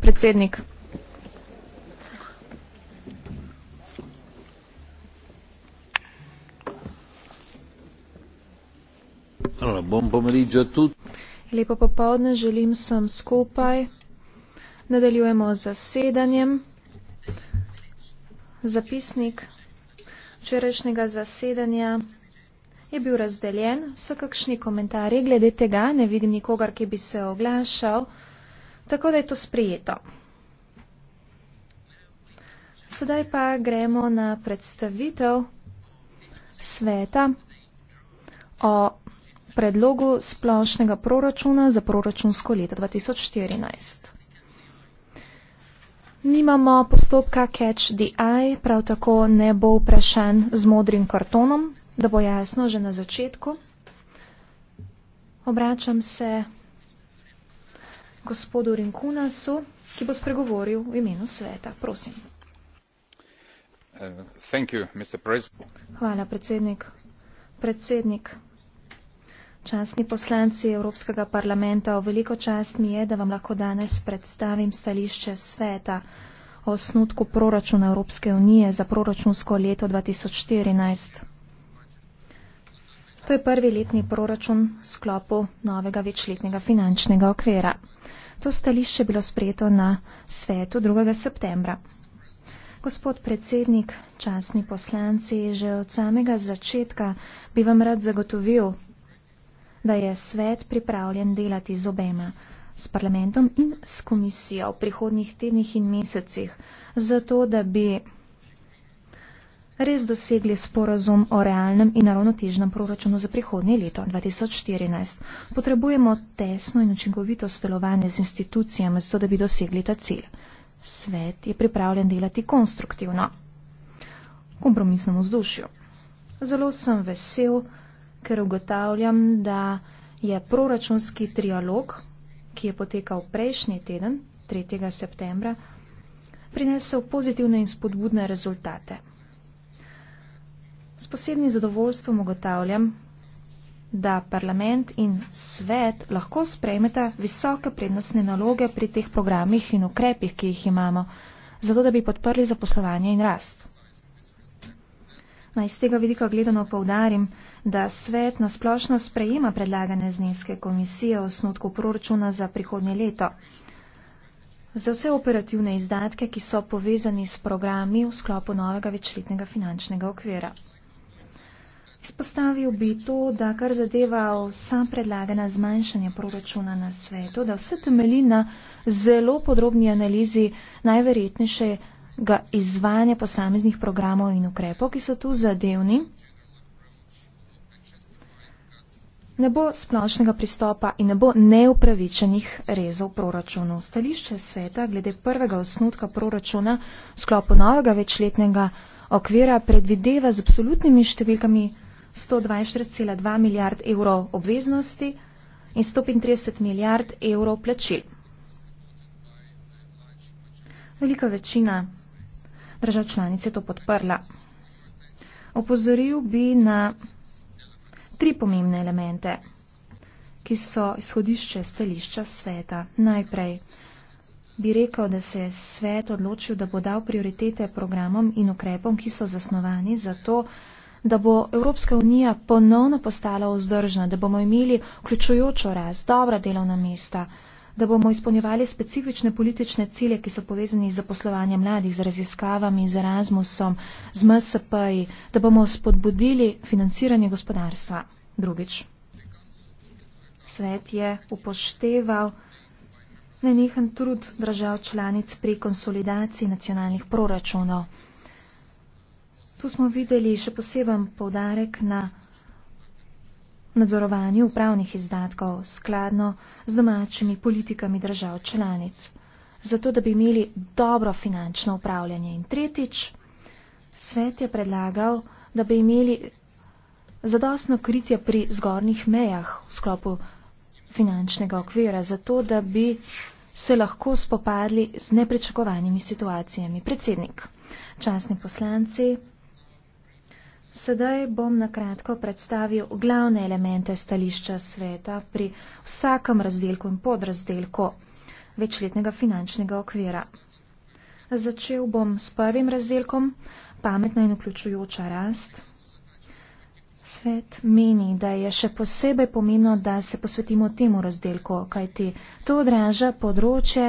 predsednik lepo popoldne želim vsem skupaj nadaljujemo z zasedanjem zapisnik včerajšnjega zasedanja je bil razdeljen. So kakšni komentarji glede tega? Ne vidim nikogar, ki bi se oglašal. Tako da je to sprijeto. Sedaj pa gremo na predstavitev sveta o predlogu splošnega proračuna za proračunsko leto 2014. Nimamo postopka catch the eye, prav tako ne bo vprašan z modrim kartonom, da bo jasno že na začetku, obračam se gospodu Rinkunasu, ki bo spregovoril v imenu sveta. Prosim. Uh, Hvala, predsednik. Predsednik, častni poslanci Evropskega parlamenta, o veliko čast mi je, da vam lahko danes predstavim stališče sveta o snutku proračuna Evropske unije za proračunsko leto 2014. To je prvi letni proračun v sklopu novega večletnega finančnega okvira. To stališče je bilo sprejeto na svetu 2. septembra. Gospod predsednik, časni poslanci, že od samega začetka bi vam rad zagotovil, da je svet pripravljen delati z obema, s parlamentom in s komisijo v prihodnih tednih in mesecih, zato da bi res dosegli sporazum o realnem in naravnotežnem proračunu za prihodnje leto 2014. Potrebujemo tesno in učinkovito stelovanje z institucijami, zato da bi dosegli ta cilj. Svet je pripravljen delati konstruktivno, kompromisnemu vzdušju. Zelo sem vesel, ker ugotavljam, da je proračunski trialog, ki je potekal prejšnji teden, 3. septembra, prinesel pozitivne in spodbudne rezultate. S posebnim zadovoljstvom ugotavljam, da parlament in svet lahko sprejmeta visoke prednostne naloge pri teh programih in ukrepih, ki jih imamo, zato da bi podprli zaposlovanje in rast. Naj z tega vidika gledano povdarim, da svet nasplošno sprejema predlagane zneske komisije o snutku proračuna za prihodnje leto. Za vse operativne izdatke, ki so povezani s programi v sklopu novega večletnega finančnega okvira. Izpostavil bi to, da kar zadeva vsa predlagana zmanjšanja proračuna na svetu, da vse temelji na zelo podrobni analizi najverjetnejšega izvajanja posameznih programov in ukrepov, ki so tu zadevni. Ne bo splošnega pristopa in ne bo neupravičenih rezov proračunov. Stališče sveta glede prvega osnutka proračuna v sklopu novega večletnega okvira predvideva z absolutnimi številkami proračuna. 122,2 milijard evrov obveznosti in 135 milijard evrov plačil. Velika večina držav članic je to podprla. Opozoril bi na tri pomembne elemente, ki so izhodišče stališča sveta. Najprej bi rekel, da se je svet odločil, da bo dal prioritete programom in ukrepom, ki so zasnovani za to, da bo Evropska unija ponovno postala vzdržna, da bomo imeli vključujočo raz, dobra delovna mesta, da bomo izpolnjevali specifične politične cilje, ki so povezani z zaposlovanjem mladih, z raziskavami, z Erasmusom, z MSP-ji, da bomo spodbudili financiranje gospodarstva. Drugič. Svet je upošteval nenehen trud držav članic pri konsolidaciji nacionalnih proračunov. Tu smo videli še poseben povdarek na nadzorovanju upravnih izdatkov skladno z domačimi politikami držav članic, zato da bi imeli dobro finančno upravljanje. In tretjič, svet je predlagal, da bi imeli zadostno kritje pri zgornjih mejah v sklopu finančnega okvira, zato da bi se lahko spopadli z nepričakovanimi situacijami. Predsednik, časni poslanci, Sedaj bom na kratko predstavil glavne elemente stališča sveta pri vsakem razdelku in podrazdelku večletnega finančnega okvira. Začel bom s prvim razdelkom, pametna in vključujoča rast. Svet meni, da je še posebej pomembno, da se posvetimo temu razdelku, kajti to odraža področje,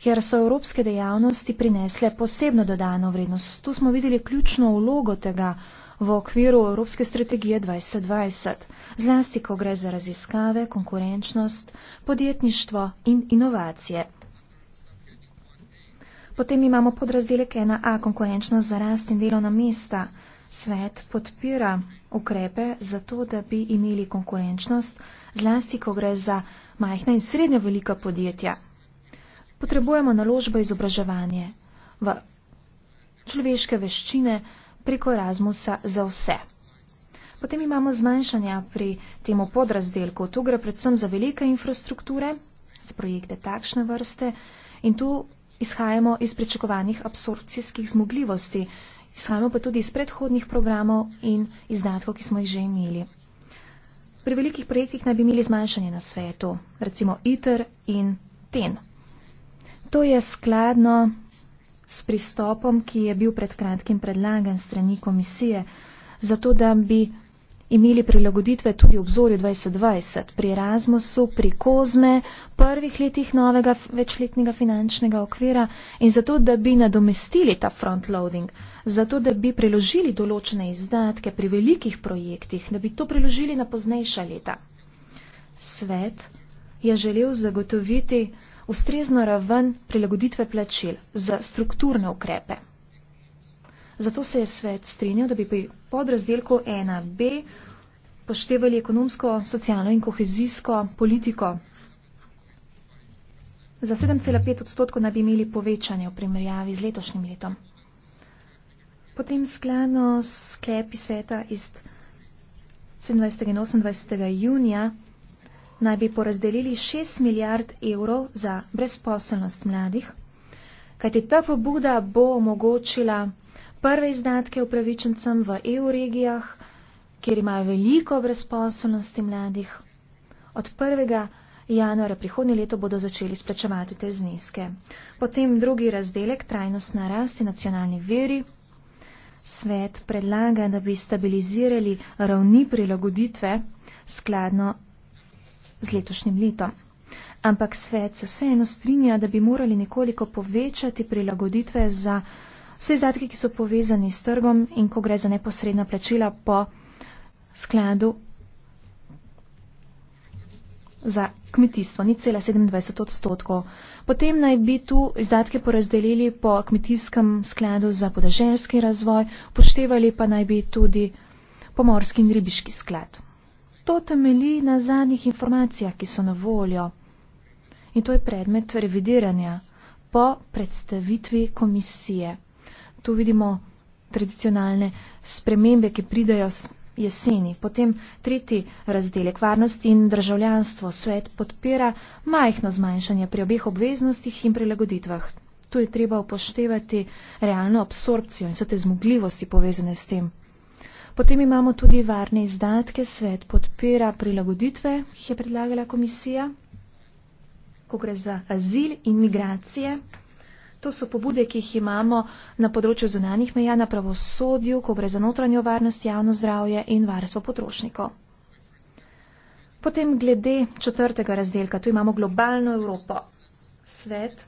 kjer so evropske dejavnosti prinesle posebno dodano vrednost. Tu smo videli ključno vlogo tega v okviru Evropske strategije 2020, zlasti ko gre za raziskave, konkurenčnost, podjetništvo in inovacije. Potem imamo podrazdelek 1a konkurenčnost za rast in delovna mesta. Svet podpira ukrepe za to, da bi imeli konkurenčnost, zlasti ko gre za majhna in srednja velika podjetja. Potrebujemo naložbo izobraževanje v človeške veščine, preko Erasmusa za vse. Potem imamo zmanjšanja pri temu podrazdelku. Tu gre predvsem za velike infrastrukture, za projekte takšne vrste in tu izhajamo iz pričakovanih absorpcijskih zmogljivosti, izhajamo pa tudi iz predhodnih programov in izdatkov, ki smo jih že imeli. Pri velikih projektih naj bi imeli zmanjšanje na svetu, recimo ITER in TEN. To je skladno s pristopom, ki je bil pred kratkim predlagan strani komisije, zato da bi imeli prilagoditve tudi v obzorju 2020 pri Erasmusu, pri Kozme, prvih letih novega večletnega finančnega okvira in zato, da bi nadomestili ta frontloading, zato, da bi preložili določene izdatke pri velikih projektih, da bi to preložili na poznejša leta. Svet je želel zagotoviti ustrezno raven prilagoditve plačil za strukturne ukrepe. Zato se je svet strinjal, da bi pri podrazdelku 1b poštevali ekonomsko, socialno in kohezijsko politiko. Za 7,5 odstotkov naj bi imeli povečanje v primerjavi z letošnjim letom. Potem skladno s sklepi sveta iz 27. in 28. junija naj bi porazdelili 6 milijard evrov za brezposelnost mladih, kajti ta pobuda bo omogočila prve izdatke upravičencem v EU regijah, kjer imajo veliko brezposelnosti mladih. Od 1. januarja prihodnje leto bodo začeli splačevati te zneske. Potem drugi razdelek, trajnostna rast in nacionalni veri. Svet predlaga, da bi stabilizirali ravni prilagoditve skladno z letošnjim letom. Ampak svet se vseeno strinja, da bi morali nekoliko povečati prilagoditve za vse izdatke, ki so povezani s trgom in ko gre za neposredna plačila po skladu za kmetijstvo, ni cela 27 odstotkov. Potem naj bi tu izdatke porazdelili po kmetijskem skladu za podeželjski razvoj, poštevali pa naj bi tudi pomorski in ribiški sklad. To temelji na zadnjih informacijah, ki so na voljo. In to je predmet revidiranja po predstavitvi komisije. Tu vidimo tradicionalne spremembe, ki pridajo jeseni. Potem tretji razdelek varnosti in državljanstvo. Svet podpira majhno zmanjšanje pri obeh obveznostih in prilagoditvah. Tu je treba upoštevati realno absorpcijo in vse te zmogljivosti povezane s tem. Potem imamo tudi varne izdatke, svet podpira prilagoditve, ki jih je predlagala komisija, ko gre za azil in migracije. To so pobude, ki jih imamo na področju zunanih meja, na pravosodju, ko gre za notranjo varnost, javno zdravje in varstvo potrošnikov. Potem glede četrtega razdelka, tu imamo globalno Evropo. Svet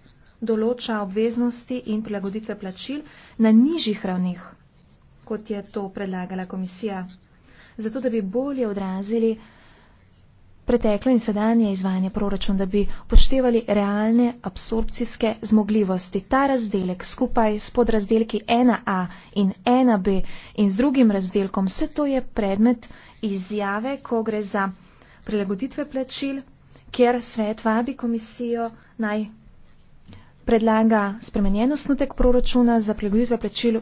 določa obveznosti in prilagoditve plačil na nižjih ravnih kot je to predlagala komisija. Zato, da bi bolje odrazili preteklo in sedanje izvajanje proračun, da bi poštevali realne absorpcijske zmogljivosti. Ta razdelek skupaj s podrazdelki 1A in 1B in z drugim razdelkom, vse to je predmet izjave, ko gre za prilagoditve plačil, kjer svet vabi komisijo naj predlaga spremenjenost notek proračuna za prilagoditve plačil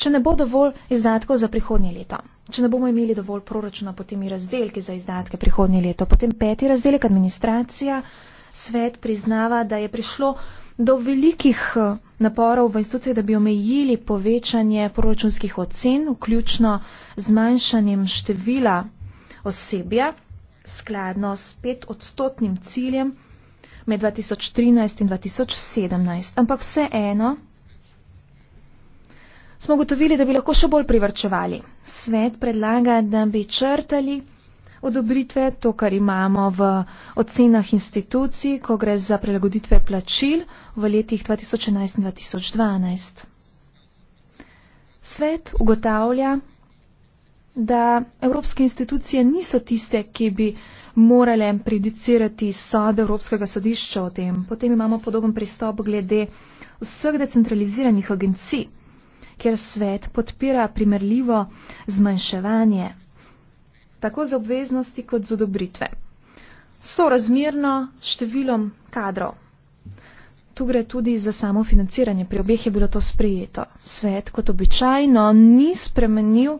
če ne bo dovolj izdatkov za prihodnje leto. Če ne bomo imeli dovolj proračuna, potem i razdelki za izdatke prihodnje leto. Potem peti razdelek administracija. Svet priznava, da je prišlo do velikih eh, naporov v institucijah, da bi omejili povečanje proračunskih ocen, vključno z manjšanjem števila osebja, skladno s pet odstotnim ciljem med 2013 in 2017. Ampak vseeno, smo gotovili, da bi lahko še bolj privrčevali. Svet predlaga, da bi črtali odobritve, to, kar imamo v ocenah institucij, ko gre za prilagoditve plačil v letih 2011 in 2012. Svet ugotavlja, da evropske institucije niso tiste, ki bi morale predicirati sodbe Evropskega sodišča o tem. Potem imamo podoben pristop glede vseh decentraliziranih agencij kjer svet podpira primerljivo zmanjševanje, tako z obveznosti kot z odobritve. So razmerno številom kadrov. Tu gre tudi za samo financiranje. Pri obeh je bilo to sprejeto. Svet kot običajno ni spremenil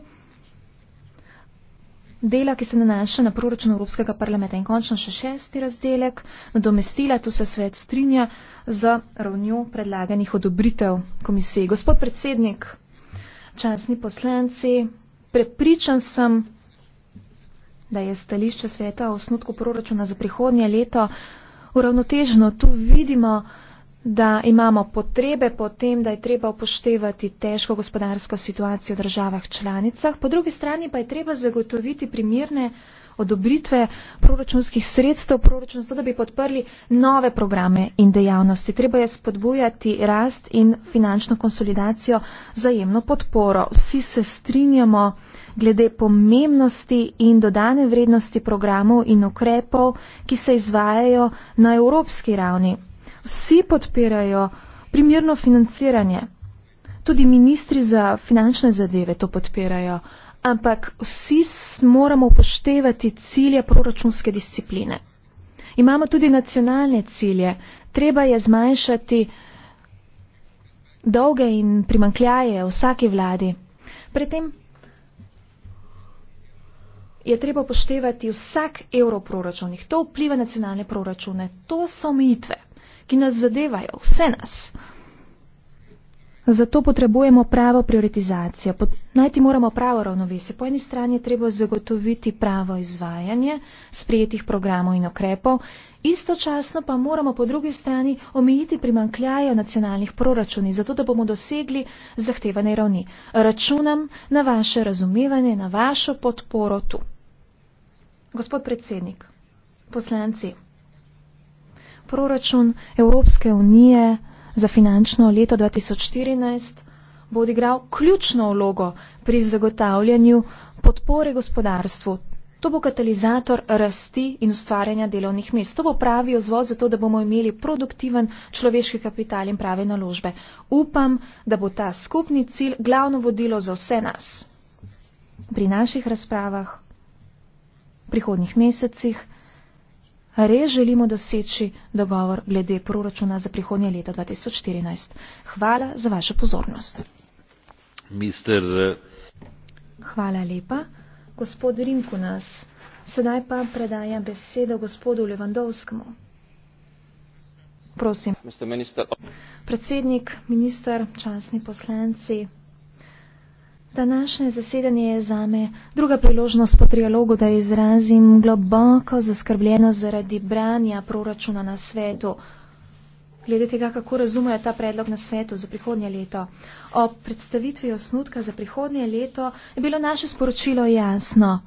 dela, ki se nanaša na proračun Evropskega parlamenta in končno še šesti razdelek, nadomestila, tu se svet strinja, za ravnjo predlaganih odobritev komisije. Gospod predsednik, časni poslanci, prepričan sem, da je stališče sveta o osnutku proračuna za prihodnje leto uravnoteženo. Tu vidimo, da imamo potrebe po tem, da je treba upoštevati težko gospodarsko situacijo v državah članicah, po drugi strani pa je treba zagotoviti primirne odobritve proračunskih sredstev, proračunstvo, da bi podprli nove programe in dejavnosti. Treba je spodbujati rast in finančno konsolidacijo zajemno podporo. Vsi se strinjamo glede pomembnosti in dodane vrednosti programov in ukrepov, ki se izvajajo na evropski ravni vsi podpirajo primerno financiranje. Tudi ministri za finančne zadeve to podpirajo, ampak vsi moramo upoštevati cilje proračunske discipline. Imamo tudi nacionalne cilje. Treba je zmanjšati dolge in primankljaje vsake vladi. Predtem je treba upoštevati vsak evro proračunih. To vpliva nacionalne proračune. To so omejitve ki nas zadevajo, vse nas. Zato potrebujemo pravo prioritizacijo. Pot, najti moramo pravo ravnovesje. Po eni strani je treba zagotoviti pravo izvajanje sprijetih programov in okrepov, istočasno pa moramo po drugi strani omejiti primankljajo nacionalnih proračuni, zato da bomo dosegli zahtevane ravni. Računam na vaše razumevanje, na vašo podporo tu. Gospod predsednik, poslanci proračun Evropske unije za finančno leto 2014 bo odigral ključno vlogo pri zagotavljanju podpore gospodarstvu. To bo katalizator rasti in ustvarjanja delovnih mest. To bo pravi ozvod za to, da bomo imeli produktiven človeški kapital in prave naložbe. Upam, da bo ta skupni cilj glavno vodilo za vse nas pri naših razpravah, prihodnih mesecih res želimo doseči dogovor glede proračuna za prihodnje leto 2014. Hvala za vašo pozornost. Mister... Eh, Hvala lepa. Gospod Rimku nas. Sedaj pa predajam besedo gospodu Levandovskemu. Prosim. Predsednik, minister, časni poslanci, Današnje zasedanje je zame druga priložnost po trialogu, da izrazim globoko zaskrbljenost zaradi branja proračuna na svetu. Glede tega, kako razumejo ta predlog na svetu za prihodnje leto. O predstavitvi osnutka za prihodnje leto je bilo naše sporočilo jasno.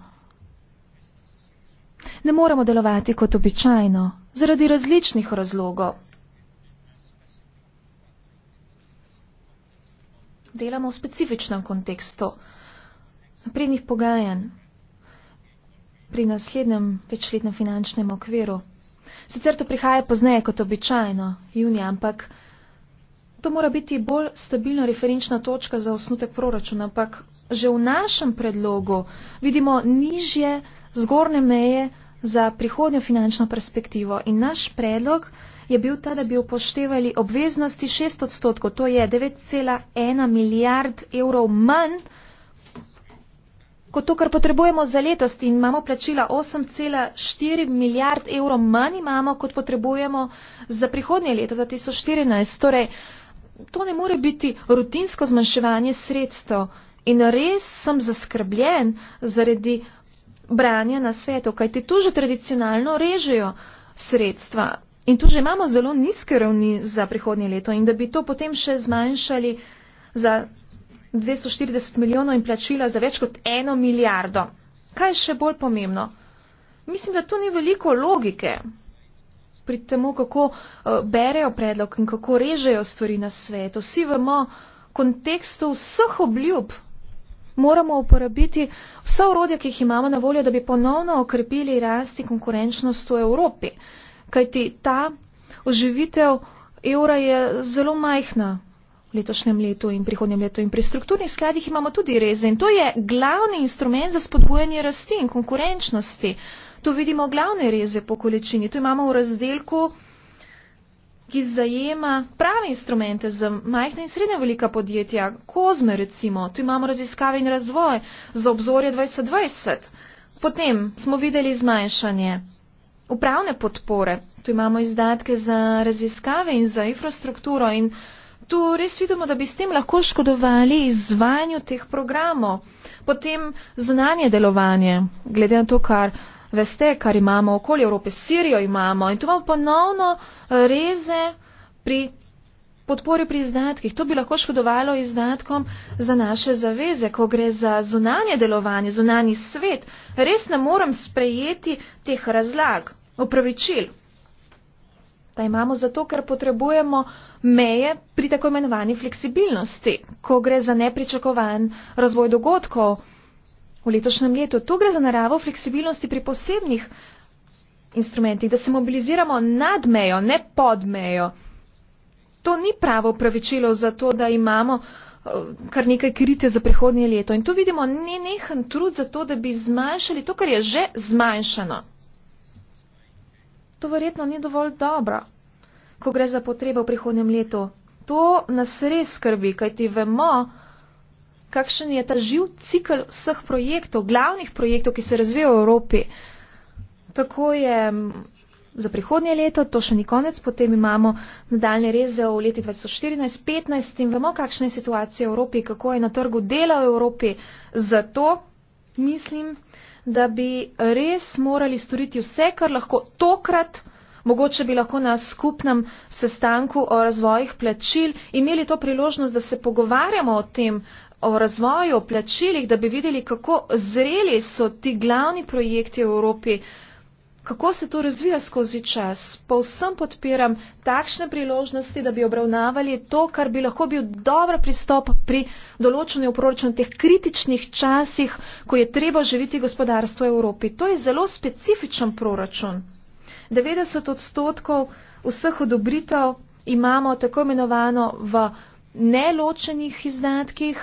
Ne moremo delovati kot običajno, zaradi različnih razlogov. delamo v specifičnem kontekstu naprednih pogajanj pri naslednjem večletnem finančnem okviru. Sicer to prihaja pozneje kot običajno, junija, ampak to mora biti bolj stabilna referenčna točka za osnutek proračuna, ampak že v našem predlogu vidimo nižje zgornje meje za prihodnjo finančno perspektivo in naš predlog je bil ta, da bi upoštevali obveznosti 6 odstotkov, to je 9,1 milijard evrov manj kot to, kar potrebujemo za letos in imamo plačila 8,4 milijard evrov manj imamo, kot potrebujemo za prihodnje leto, za 2014. Torej, to ne more biti rutinsko zmanjševanje sredstev in res sem zaskrbljen zaradi branja na svetu, kajti tu že tradicionalno režejo sredstva. In tu že imamo zelo nizke ravni za prihodnje leto in da bi to potem še zmanjšali za 240 milijonov in plačila za več kot eno milijardo. Kaj je še bolj pomembno? Mislim, da tu ni veliko logike pri tem, kako eh, berejo predlog in kako režejo stvari na svetu. Vsi vemo, v kontekstu vseh obljub moramo uporabiti vsa urodja, ki jih imamo na voljo, da bi ponovno okrepili rasti konkurenčnost v Evropi kajti ta oživitev evra je zelo majhna v letošnjem letu in prihodnjem letu. In pri strukturnih skladih imamo tudi reze in to je glavni instrument za spodbujanje rasti in konkurenčnosti. Tu vidimo glavne reze po količini. Tu imamo v razdelku, ki zajema prave instrumente za majhne in srednje velika podjetja, kozme recimo. Tu imamo raziskave in razvoj za obzorje 2020. Potem smo videli zmanjšanje upravne podpore. Tu imamo izdatke za raziskave in za infrastrukturo in tu res vidimo, da bi s tem lahko škodovali izvanju teh programov. Potem zunanje delovanje, glede na to, kar veste, kar imamo okoli Evrope, Sirijo imamo in tu imamo ponovno reze pri podpori pri izdatkih. To bi lahko škodovalo izdatkom za naše zaveze, ko gre za zunanje delovanje, zunani svet. Res ne morem sprejeti teh razlag, opravičil. Ta imamo zato, ker potrebujemo meje pri tako imenovani fleksibilnosti, ko gre za nepričakovan razvoj dogodkov v letošnjem letu. Tu gre za naravo fleksibilnosti pri posebnih instrumentih, da se mobiliziramo nad mejo, ne pod mejo to ni pravo pravičilo za to, da imamo eh, kar nekaj krite za prihodnje leto. In tu vidimo nenehen trud za to, da bi zmanjšali to, kar je že zmanjšano. To verjetno ni dovolj dobro, ko gre za potrebo v prihodnjem letu. To nas res skrbi, kajti vemo, kakšen je ta živ cikl vseh projektov, glavnih projektov, ki se razvijajo v Evropi. Tako je za prihodnje leto, to še ni konec, potem imamo nadaljne reze v leti 2014-2015 in vemo, kakšna je situacija v Evropi, kako je na trgu dela v Evropi. Zato mislim, da bi res morali storiti vse, kar lahko tokrat, mogoče bi lahko na skupnem sestanku o razvojih plačil, imeli to priložnost, da se pogovarjamo o tem, o razvoju, o plačilih, da bi videli, kako zreli so ti glavni projekti v Evropi, kako se to razvija skozi čas. Povsem podpiram takšne priložnosti, da bi obravnavali to, kar bi lahko bil dober pristop pri določenju proračuna v teh kritičnih časih, ko je treba živeti gospodarstvo v Evropi. To je zelo specifičen proračun. 90 odstotkov vseh odobritev imamo tako imenovano v neločenih izdatkih.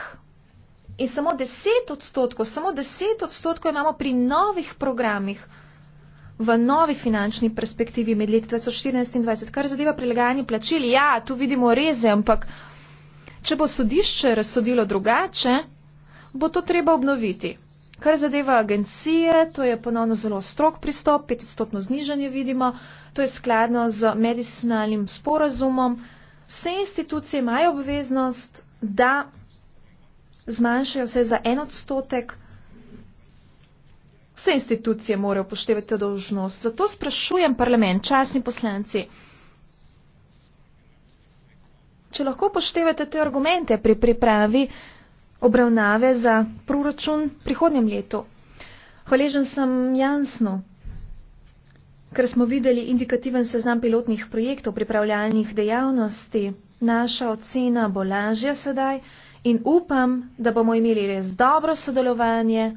In samo 10 odstotkov, samo 10 odstotkov imamo pri novih programih v novi finančni perspektivi med leti 2014 in 2020, kar zadeva prilagajanje plačil. Ja, tu vidimo reze, ampak če bo sodišče razsodilo drugače, bo to treba obnoviti. Kar zadeva agencije, to je ponovno zelo strok pristop, 5-stotno znižanje vidimo, to je skladno z medicinalnim sporazumom. Vse institucije imajo obveznost, da zmanjšajo vse za en odstotek Vse institucije morajo upoštevati to dožnost. Zato sprašujem parlament, časni poslanci, če lahko upoštevate te argumente pri pripravi obravnave za proračun prihodnjem letu. Hvaležen sem jasno, ker smo videli indikativen seznam pilotnih projektov, pripravljalnih dejavnosti. Naša ocena bo lažja sedaj in upam, da bomo imeli res dobro sodelovanje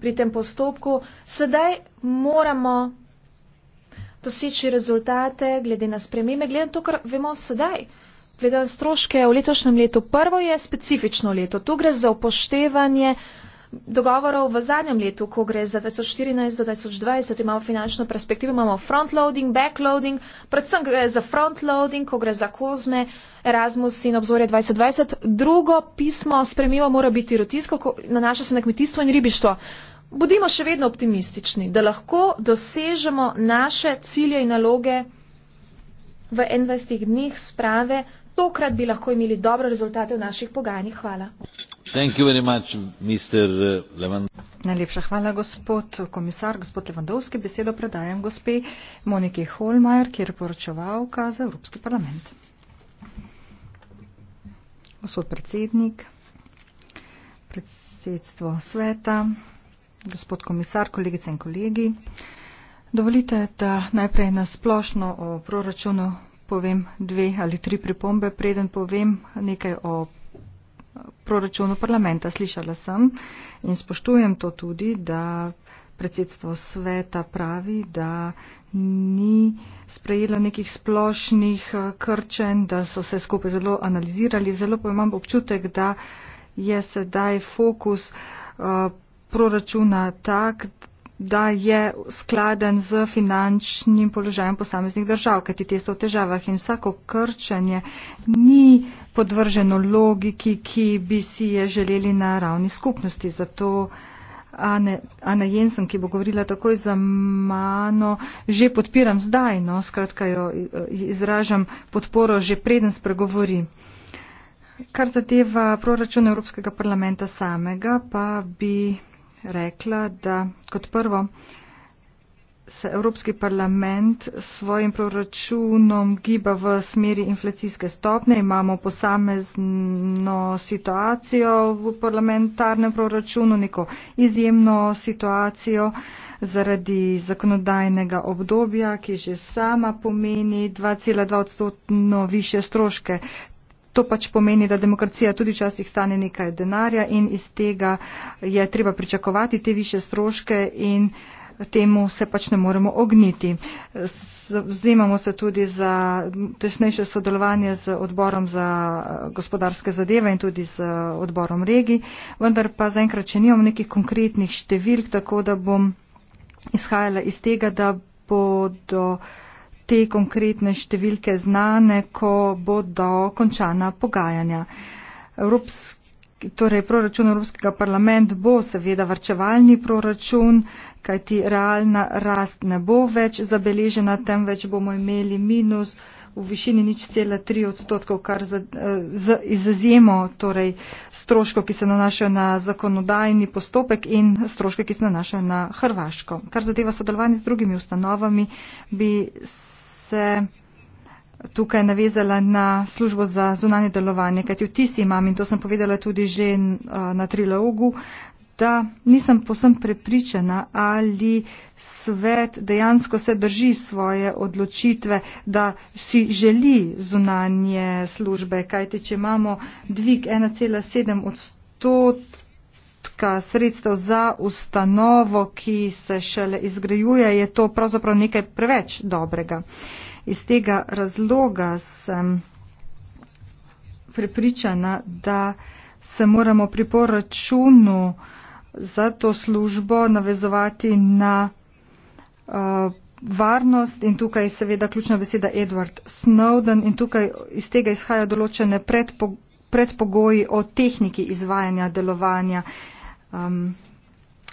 pri tem postopku. Sedaj moramo doseči rezultate glede na spremembe, glede na to, kar vemo sedaj. Glede na stroške v letošnjem letu. Prvo je specifično leto. Tu gre za upoštevanje dogovorov v zadnjem letu, ko gre za 2014 do 2020, imamo finančno perspektivo, imamo frontloading, backloading, predvsem gre za frontloading, ko gre za kozme, Erasmus in obzorje 2020. Drugo pismo spremljivo mora biti rutinsko, nanaša se na kmetijstvo in ribištvo. Bodimo še vedno optimistični, da lahko dosežemo naše cilje in naloge v 21 dneh sprave. Tokrat bi lahko imeli dobre rezultate v naših pogajanjih. Hvala. Uh, najlepša hvala gospod komisar gospod levandovski besedo predajam gospe moniki holmeier ki je poročevalka za evropski parlament gospod predsednik predsedstvo sveta gospod komisar kolegice in kolegi dovolite da najprej na splošno o proračunu povem dve ali tri pripombe preden povem nekaj o proračunu parlamenta. Slišala sem in spoštujem to tudi, da predsedstvo sveta pravi, da ni sprejelo nekih splošnih eh, krčen, da so se skupaj zelo analizirali. Zelo pa imam občutek, da je sedaj fokus uh, proračuna tak, da je skladen z finančnim položajem posameznih držav, kajti te so v težavah in vsako krčanje ni podvrženo logiki, ki bi si je želeli na ravni skupnosti. Zato Ane, Ana Jensen, ki bo govorila takoj za mano, že podpiram zdaj, no, skratka jo izražam podporo, že preden spregovori. Kar zadeva proračun Evropskega parlamenta samega, pa bi rekla, da kot prvo se Evropski parlament s svojim proračunom giba v smeri inflacijske stopne. Imamo posamezno situacijo v parlamentarnem proračunu, neko izjemno situacijo zaradi zakonodajnega obdobja, ki že sama pomeni 2,2 odstotno više stroške To pač pomeni, da demokracija tudi včasih stane nekaj denarja in iz tega je treba pričakovati te više stroške in temu se pač ne moremo ogniti. Zimamo se tudi za tesnejše sodelovanje z odborom za eh, gospodarske zadeve in tudi z eh, odborom regij, vendar pa zaenkrat, če nimam nekih konkretnih številk, tako da bom izhajala iz tega, da bodo. Uh, te konkretne številke znane, ko bodo končana pogajanja. Evropski, torej proračun Evropskega parlamenta bo seveda varčevalni proračun, kajti realna rast ne bo več zabeležena, temveč bomo imeli minus v višini nič cela tri odstotkov, kar za, eh, z izjemo torej stroško, ki se nanašajo na zakonodajni postopek in stroške, ki se nanašajo na Hrvaško. Kar zadeva sodelovanje z drugimi ustanovami, bi se se tukaj navezala na službo za zunanje delovanje, kajti vtis imam in to sem povedala tudi že eh, na trilogu, da nisem posem prepričana, ali svet dejansko se drži svoje odločitve, da si želi zunanje službe, kajti če imamo dvig 1,7 odstotka, evropska sredstev za ustanovo, ki se šele izgrajuje, je to pravzaprav nekaj preveč dobrega. Iz tega razloga sem prepričana, da se moramo pri poračunu za to službo navezovati na uh, varnost in tukaj je seveda ključna beseda Edward Snowden in tukaj iz tega izhajajo določene predpogoji o tehniki izvajanja delovanja uh, Um,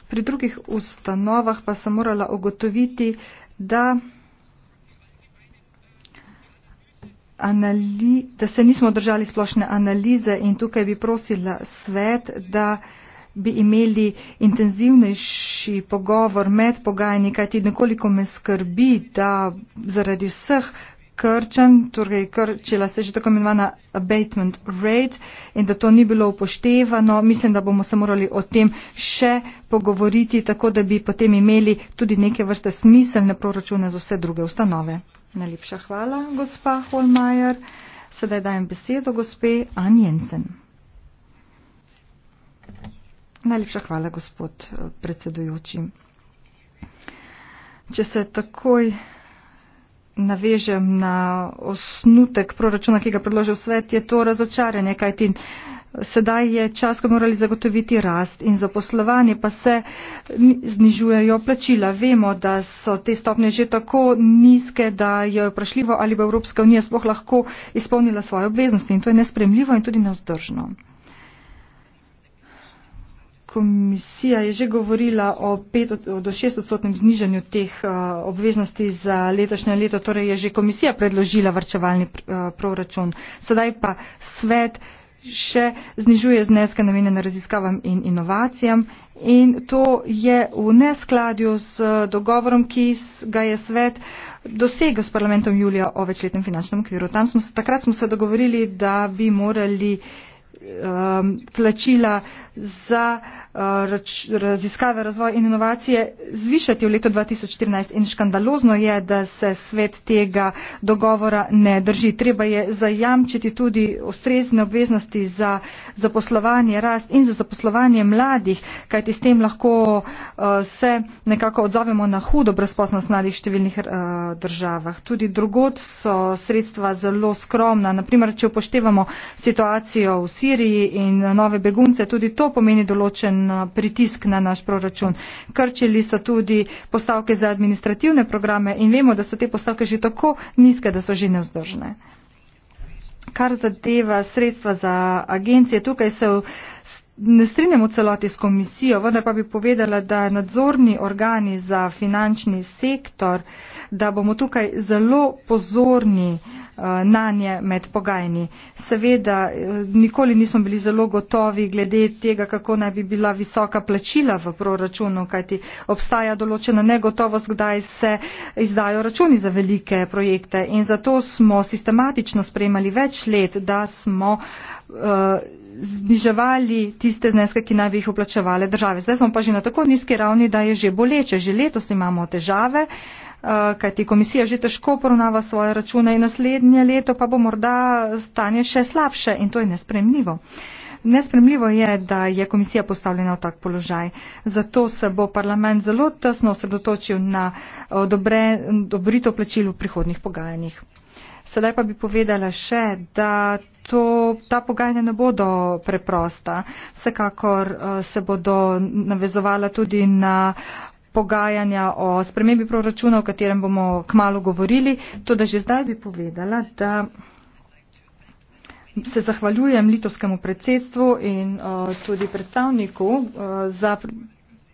pri drugih ustanovah pa sem morala ugotoviti, da, anali, da se nismo držali splošne analize in tukaj bi prosila svet, da bi imeli intenzivnejši pogovor med pogajanji, kajti nekoliko me skrbi, da zaradi vseh uh, krčen, torej krčila se že tako imenovana abatement rate in da to ni bilo upoštevano. Mislim, da bomo se morali o tem še pogovoriti, tako da bi potem imeli tudi neke vrste smiselne proračune za vse druge ustanove. Najlepša hvala, gospa Holmajer. Sedaj dajem besedo gospe Ann Jensen. Najlepša hvala, gospod eh, predsedujoči. Če se takoj navežem na osnutek proračuna, ki ga predložil svet, je to razočaranje, kajti sedaj je čas, ko morali zagotoviti rast in zaposlovanje, pa se znižujejo plačila. Vemo, da so te stopnje že tako nizke, da je vprašljivo, ali bo Evropska unija sploh lahko izpolnila svoje obveznosti in to je nespremljivo in tudi neozdržno komisija je že govorila o 5 do 6 odstotnem znižanju teh uh, obveznosti za letošnje leto, torej je že komisija predložila vrčevalni uh, proračun. Sedaj pa svet še znižuje zneske namenjene raziskavam in inovacijam in to je v neskladju z uh, dogovorom, ki ga je svet dosegel s parlamentom julija o večletnem finančnem okviru. Smo se, takrat smo se dogovorili, da bi morali uh, um, plačila za rač, raziskave, razvoj in inovacije zvišati v letu 2014 in škandalozno je, da se svet tega dogovora ne drži. Treba je zajamčiti tudi ustrezne obveznosti za zaposlovanje, rast in za zaposlovanje mladih, kajti s tem lahko uh, se nekako odzovemo na hudo brezposnost mladih v številnih uh, državah. Tudi drugod so sredstva zelo skromna. Naprimer, če upoštevamo situacijo v Siriji in nove begunce, tudi to pomeni določen in eh, pritisk na naš proračun. Krčili so tudi postavke za administrativne programe in vemo, da so te postavke že tako nizke, da so že nevzdržne. Kar zadeva sredstva za agencije, tukaj se ne strinjamo celoti s komisijo, vendar pa bi povedala, da nadzorni organi za finančni sektor, da bomo tukaj zelo pozorni. Uh, Eh, na nje med pogajni. Seveda, eh, nikoli nismo bili zelo gotovi glede tega, kako naj bi bila visoka plačila v proračunu, kajti obstaja določena negotovost, kdaj se izdajo računi za velike projekte. In zato smo sistematično spremali več let, da smo eh, zniževali tiste zneske, ki naj bi jih uplačevale države. Zdaj smo pa že na tako nizki ravni, da je že boleče. Že letos imamo težave. Eh, kajti komisija že težko poravnava svoje račune in naslednje leto pa bo morda stanje še slabše in to je nespremljivo. Nespremljivo je, da je komisija postavljena v tak položaj. Zato se bo parlament zelo tesno osredotočil na dobre, dobrito plačil v prihodnih pogajanjih. Sedaj pa bi povedala še, da to, ta pogajanja ne bodo preprosta. Vsekakor eh, se bodo navezovala tudi na uh, pogajanja o spremembi proračuna, o katerem bomo kmalo govorili. To, da že zdaj bi povedala, da se zahvaljujem litovskemu predsedstvu in uh, tudi predstavniku uh, za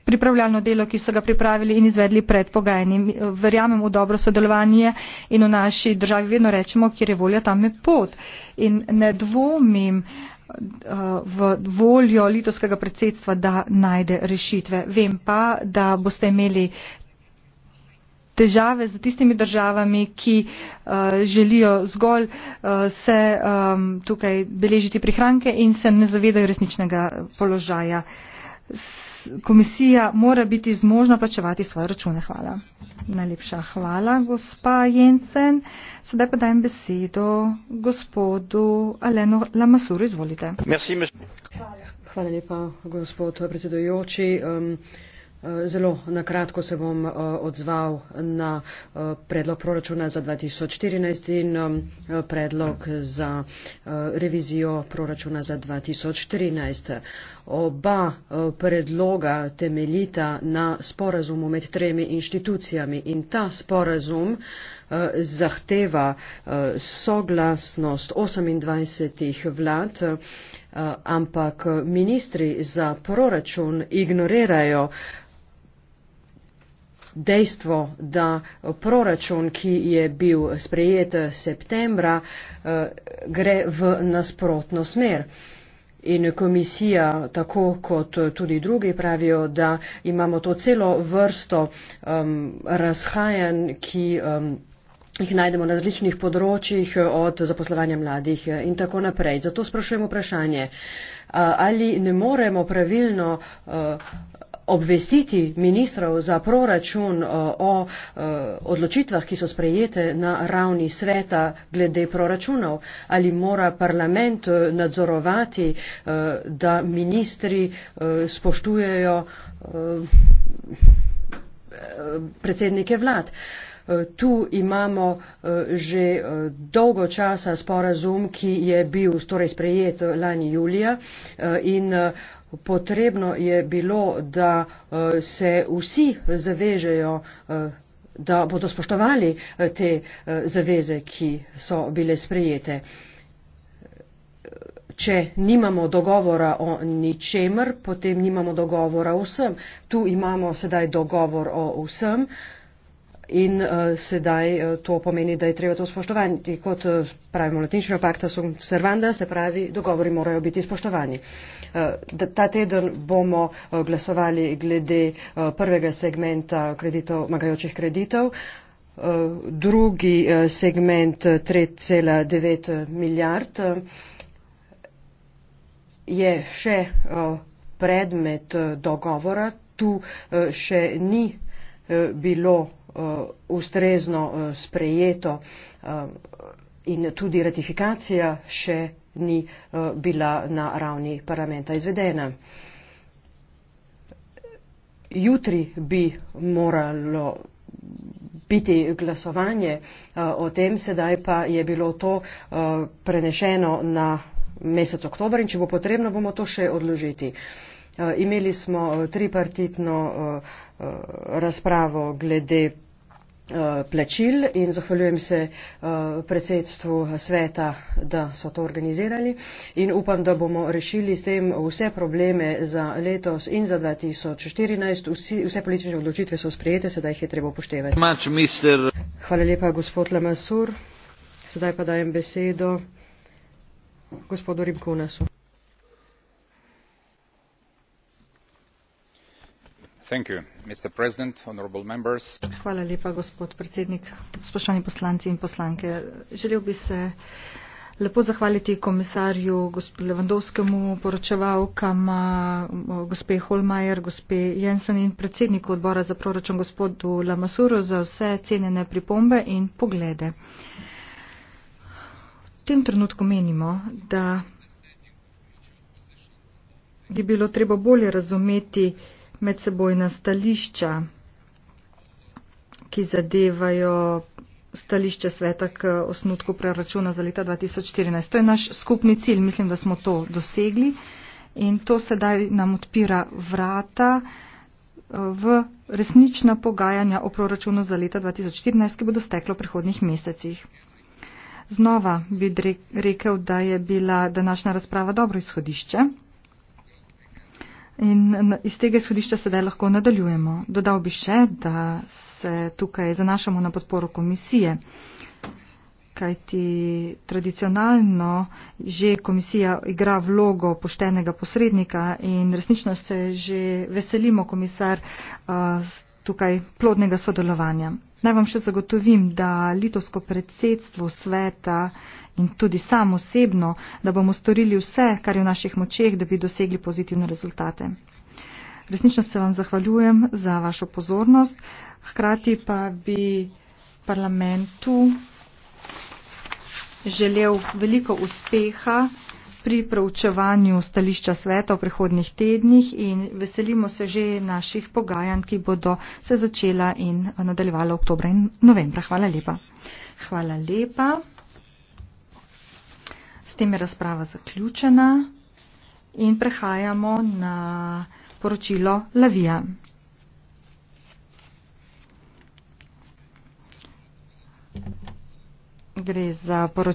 pripravljalno delo, ki so ga pripravili in izvedli pred pogajanjem. Uh, verjamem v dobro sodelovanje in v naši državi vedno rečemo, kjer je volja, tam je pot. In ne dvomim, uh, v voljo litovskega predsedstva, da najde rešitve. Vem pa, da boste imeli težave z tistimi državami, ki uh, želijo zgolj uh, se um, tukaj beležiti prihranke in se ne zavedajo resničnega položaja. S komisija mora biti zmožna plačevati svoje račune. Hvala. Najlepša hvala, gospa Jensen. Sedaj pa dajem besedo gospodu Aleno Lamasuru. Izvolite. Merci, hvala. hvala lepa, gospod predsedojoči. Um, Eh, zelo nakratko se bom eh, odzval na eh, predlog proračuna za 2014 in predlog za revizijo proračuna za 2013. Oba predloga temeljita na sporazumu med tremi inštitucijami in ta sporazum zahteva soglasnost 28 vlad, ampak ministri za proračun ignorirajo dejstvo, da proračun, ki je bil sprejet septembra, eh, gre v nasprotno smer. In komisija, tako kot tudi drugi, pravijo, da imamo to celo vrsto um, razhajanj, ki um, jih najdemo na različnih področjih, eh, od zaposlovanja mladih eh, in tako naprej. Zato sprašujemo vprašanje, ali ne moremo pravilno uh, obvestiti ministrov za proračun eh, o, o eh, odločitvah, ki so sprejete na ravni sveta glede proračunov? Ali mora parlament eh, nadzorovati, da ministri spoštujejo predsednike vlad? Tu imamo eh, že eh, dolgo časa sporazum, ki je bil torej sprejet eh, lani julija in potrebno je bilo, da se vsi zavežejo da bodo spoštovali te zaveze, ki so bile sprejete. Če nimamo dogovora o ničemer, potem nimamo dogovora o vsem. Tu imamo sedaj dogovor o vsem in uh, sedaj uh, to pomeni, da je treba to spoštovati. Kot uh, pravimo latinščino, pacta sum servanda, se pravi, dogovori morajo biti spoštovani. Uh, da, ta teden bomo uh, glasovali glede uh, prvega segmenta kreditov, magajočih kreditov. Uh, drugi uh, segment 3,9 milijard uh, je še uh, predmet uh, dogovora. Tu uh, še ni uh, bilo uh, uh, ustrezno uh, sprejeto uh, in tudi ratifikacija še ni uh, bila na ravni parlamenta izvedena. Jutri bi moralo biti glasovanje uh, o tem, sedaj pa je bilo to uh, prenešeno na mesec oktober in če bo potrebno, bomo to še odložiti. Uh, imeli smo tripartitno uh, uh, razpravo glede Eh, plačil in zahvaljujem se eh, predsedstvu sveta, da so to organizirali in upam, da bomo rešili s tem vse probleme za letos in za 2014. Vsi, vse politične odločitve so sprejete, sedaj jih je treba upoštevati. Much, Hvala lepa, gospod Lamasur. Sedaj pa dajem besedo gospodu Rimkunasu. spoštovani poslanci in poslanke želel bi se lepo zahvaliti komisarju levandovskemu poročevalkama gospe holmeier gospe jensen in predsedniku odbora za proračun gospodu lamassouru za vse cenjene pripombe in poglede v tem trenutku menimo da bi bilo treba bolje razumeti medsebojna stališča, ki zadevajo stališče sveta k osnutku preračuna za leta 2014. To je naš skupni cilj, mislim, da smo to dosegli in to sedaj nam odpira vrata eh, v resnična pogajanja o proračunu za leta 2014, ki bodo steklo v prihodnih mesecih. Znova bi rekel, da je bila današnja razprava dobro izhodišče. In iz tega izhodišča sedaj lahko nadaljujemo. Dodal bi še, da se tukaj zanašamo na podporo komisije, kajti tradicionalno že komisija igra vlogo poštenega posrednika in resnično se že veselimo komisar uh, tukaj plodnega sodelovanja. Naj vam še zagotovim, da litovsko predsedstvo sveta in tudi sam osebno, da bomo storili vse, kar je v naših močeh, da bi dosegli pozitivne rezultate. Resnično se vam zahvaljujem za vašo pozornost. Hkrati pa bi parlamentu želel veliko uspeha pri preučevanju stališča sveta v prihodnih tednih in veselimo se že naših pogajanj, ki bodo se začela in nadaljevala oktobra in novembra. Hvala lepa. Hvala lepa. S tem je razprava zaključena in prehajamo na poročilo Lavija. Gre za poročilo.